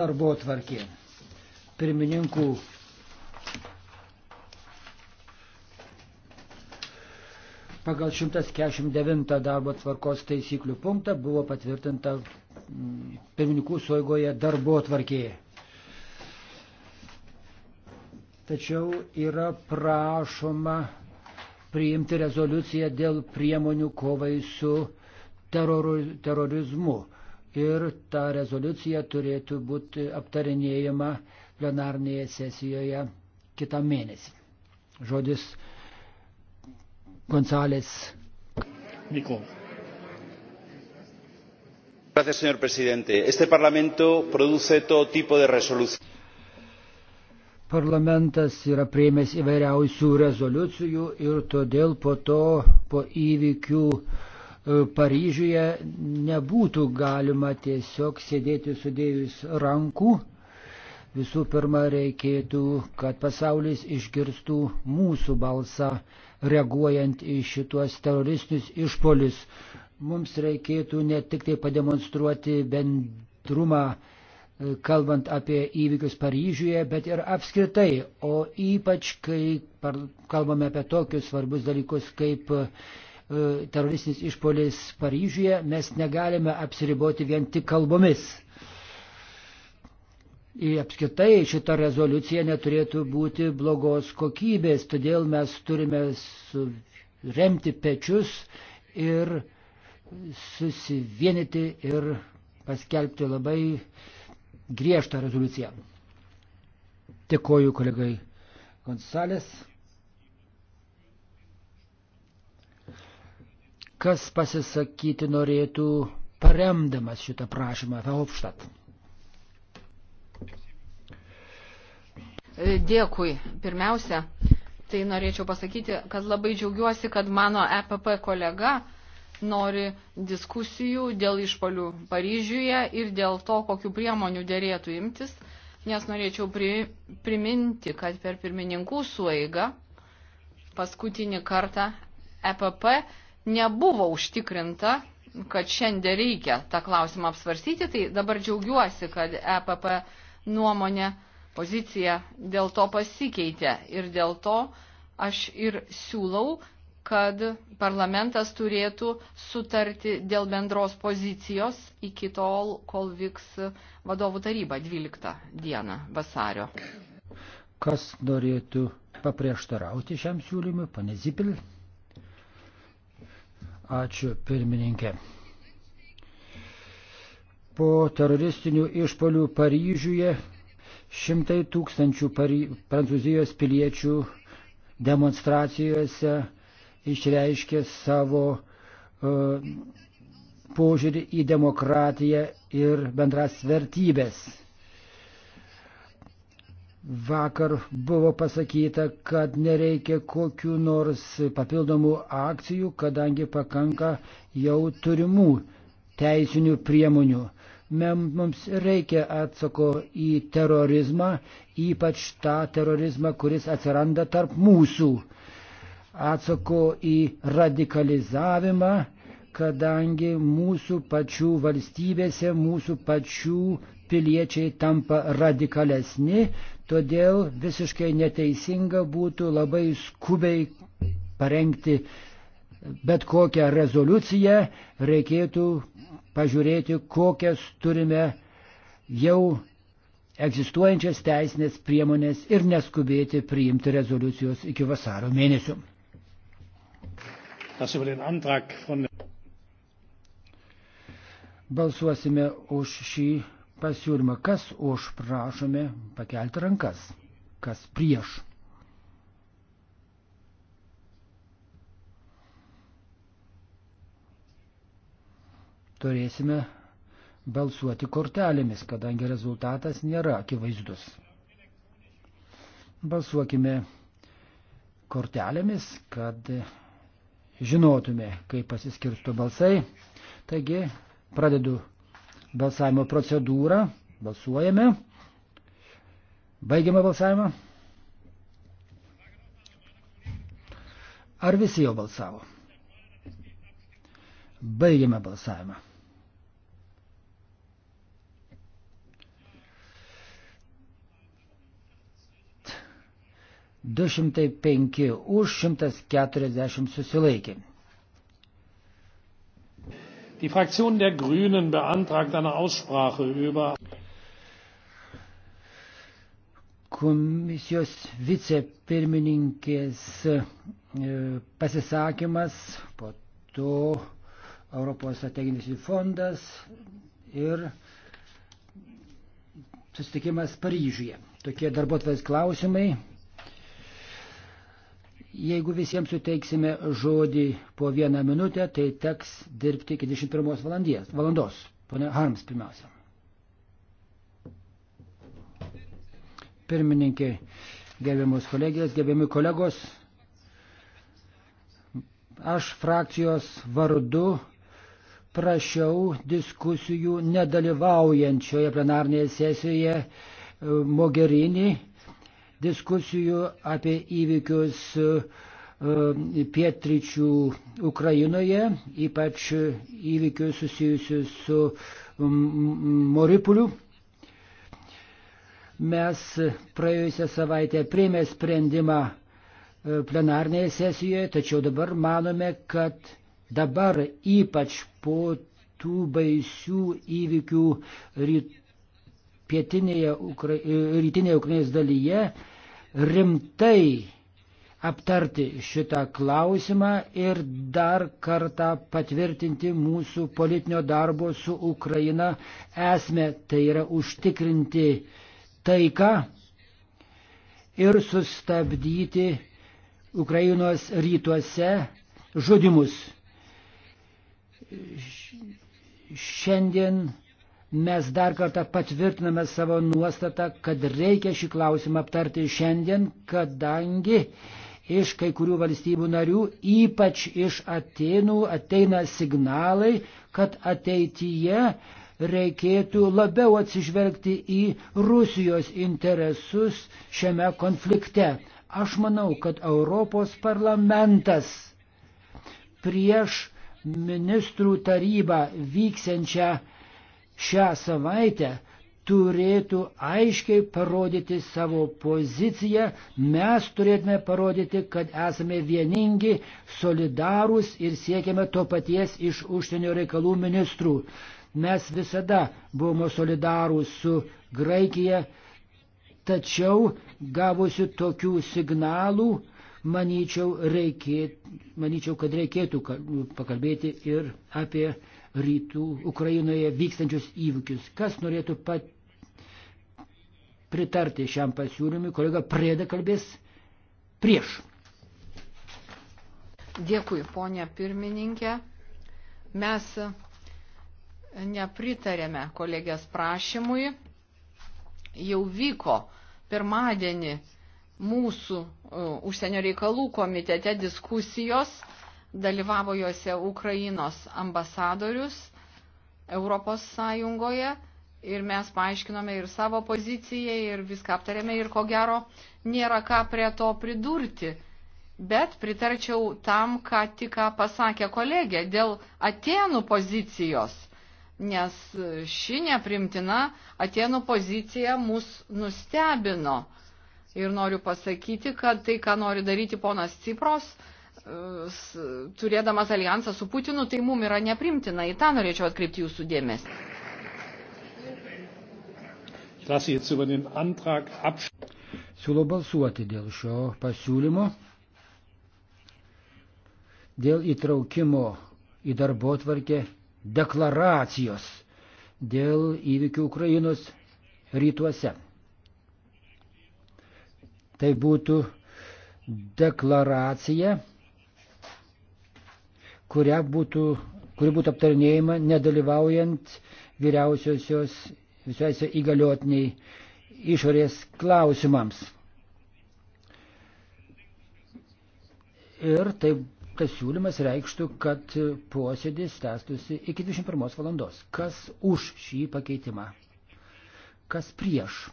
darbo tvarkė. Pirmininkų pagal 149 darbo tvarkos taisyklių punktą buvo patvirtinta mm, pirmininkų suoigoje darbo tvarkėje. Tačiau yra prašoma priimti rezoliuciją dėl priemonių kovai su teroru, terorizmu ir ta rezoliucija turėtų būti aptarinėjama plenarnėje sesijoje kitą mėnesį. Žodis González. Mikro. Gracias, señor presidente. Este Parlamento produce todo tipo de resoluciones. Parlamentas yra prieimęs įvairiausių rezoliucijų ir todėl po to, po įvykių uh, E, Paryžiuje nebūtų galima tiesiog sėdėti sudėjus rankų. Visų pirma, reikėtų, kad pasaulis išgirstų mūsų balsą, reaguojant į šituos teroristinius išpolius. Mums reikėtų ne tik tai pademonstruoti bendrumą, e, kalbant apie įvykius Paryžiuje, bet ir apskritai, o ypač, kai kalbame apie tokius svarbus dalykus kaip E, teroristinis išpolis Paryžiuje, mes negalime apsiriboti vien tik kalbomis. Ir apskritai šita rezoliucija neturėtų būti blogos kokybės, todėl mes turime remti pečius ir susivienyti ir paskelbti labai griežtą rezoliuciją. Dėkoju kolegai Gonsalės. kas pasisakyti norėtų paremdamas šitą prašymą Verhofstadt. E, dėkui. Pirmiausia, tai norėčiau pasakyti, kad labai džiaugiuosi, kad mano EPP kolega nori diskusijų dėl išpolių Paryžiuje ir dėl to, kokiu priemonių dėrėtų imtis, nes norėčiau pri, priminti, kad per pirmininkų sueigą paskutinį kartą EPP nebuvo užtikrinta, kad šiandien reikia tą klausimą apsvarstyti, tai dabar džiaugiuosi, kad EPP nuomonė, pozicija dėl to pasikeitė ir dėl to aš ir siūlau, kad parlamentas turėtų sutarti dėl bendros pozicijos iki tol, kol vyks vadovų taryba 12 dieną vasario. Kas norėtų paprieštarauti šiam siūlymui, pane Zipil? Ačiū pirmininkė. Po teroristinių išpolių Paryžiuje šimtai tūkstančių Pary... prancūzijos piliečių demonstracijose išreiškė savo uh, požiūrį į demokratiją ir bendras vertybės. Vakar buvo pasakyta, kad nereikia kokių nors papildomų akcijų, kadangi pakanka jau turimų teisinių priemonių. Mums reikia atsako į terorizmą, ypač tą terorizmą, kuris atsiranda tarp mūsų. Atsako į radikalizavimą, kadangi mūsų pačių valstybėse mūsų pačių piliečiai tampa radikalesni, todėl visiškai neteisinga būtų labai skubiai parengti bet kokią rezoliuciją, reikėtų pažiūrėti, kokias turime jau egzistuojančias teisinės priemonės ir neskubėti priimti rezoliucijos iki vasaro mėnesio. Das über den Antrag von Balsuosime už šį pasiūlymą. Kas už prašome pakelti rankas? Kas prieš? Turėsime balsuoti kortelėmis, kadangi rezultatas nėra akivaizdus. Balsuokime kortelėmis, kad žinotume, kaip pasiskirsto balsai. Taigi, Pradedu balsavimo procedūrą. Balsuojame. Baigiame balsavimą. Ar visi jau balsavo? Baigiame balsavimą. Du šimtai penki už šimtas keturiasdešimt susilaikė die fraktion der grünen beantragt eine aussprache über komisijos vicepirmininkės e, pasisakymas, po to Europos strateginis fondas ir susitikimas Paryžiuje. Tokie darbotvės klausimai. Jeigu visiems suteiksime žodį po vieną minutę, tai teks dirbti iki 21 valandies, valandos. Pone Harms pirmiausia. Pirmininkė, gerbiamus kolegijas, gerbiami kolegos, aš frakcijos vardu prašiau diskusijų nedalyvaujančioje plenarnėje sesijoje e, Mogerinį diskusijų apie įvykius e, pietryčių Ukrainoje, ypač įvykius susijusius su Moripuliu. Mes praėjusią savaitę priėmė sprendimą e, plenarnėje sesijoje, tačiau dabar manome, kad dabar ypač po tų baisių įvykių ryt, pietinėje, ukra, e, rytinėje Ukrainos dalyje rimtai aptarti šitą klausimą ir dar kartą patvirtinti mūsų politinio darbo su Ukraina esmę, tai yra užtikrinti taiką ir sustabdyti Ukrainos rytuose žudimus. Šiandien mes dar kartą patvirtiname savo nuostatą, kad reikia šį klausimą aptarti šiandien, kadangi iš kai kurių valstybių narių, ypač iš Atenų, ateina signalai, kad ateityje reikėtų labiau atsižvelgti į Rusijos interesus šiame konflikte. Aš manau, kad Europos parlamentas prieš ministrų tarybą vyksiančią šią savaitę turėtų aiškiai parodyti savo poziciją, mes turėtume parodyti, kad esame vieningi, solidarūs ir siekiame to paties iš užsienio reikalų ministrų. Mes visada buvome solidarūs su Graikija, tačiau gavusi tokių signalų, manyčiau, reikėt, manyčiau kad reikėtų pakalbėti ir apie rytų Ukrainoje vykstančius įvykius. Kas norėtų pat pritarti šiam pasiūlymui, kolega Prėda kalbės prieš. Dėkui, ponė pirmininkė. Mes nepritarėme kolegės prašymui. Jau vyko pirmadienį mūsų e, užsienio reikalų komitete diskusijos dalyvavo juose Ukrainos ambasadorius Europos Sąjungoje ir mes paaiškinome ir savo poziciją ir viską aptarėme ir ko gero nėra ką prie to pridurti. Bet pritarčiau tam, ką tik pasakė kolegė dėl Atenų pozicijos, nes ši neprimtina Atenų pozicija mus nustebino. Ir noriu pasakyti, kad tai, ką nori daryti ponas Cipros, turėdamas alijansą su Putinu, tai mum yra neprimtina. Į tą norėčiau atkreipti jūsų dėmesį. Siūlau balsuoti dėl šio pasiūlymo, dėl įtraukimo į darbo tvarkę deklaracijos dėl įvykių Ukrainos rytuose. Tai būtų deklaracija kuria būtų, kuri būtų aptarinėjama nedalyvaujant vyriausiosios visuose įgaliotiniai išorės klausimams. Ir taip tas siūlymas reikštų, kad posėdis tęstųsi iki 21 valandos. Kas už šį pakeitimą? Kas prieš?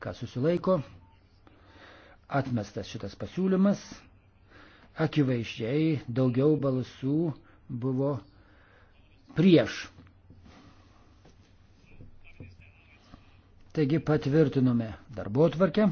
Kas susilaiko? Atmestas šitas pasiūlymas akivaizdžiai daugiau balsų buvo prieš. Taigi patvirtinome darbo tvarkę.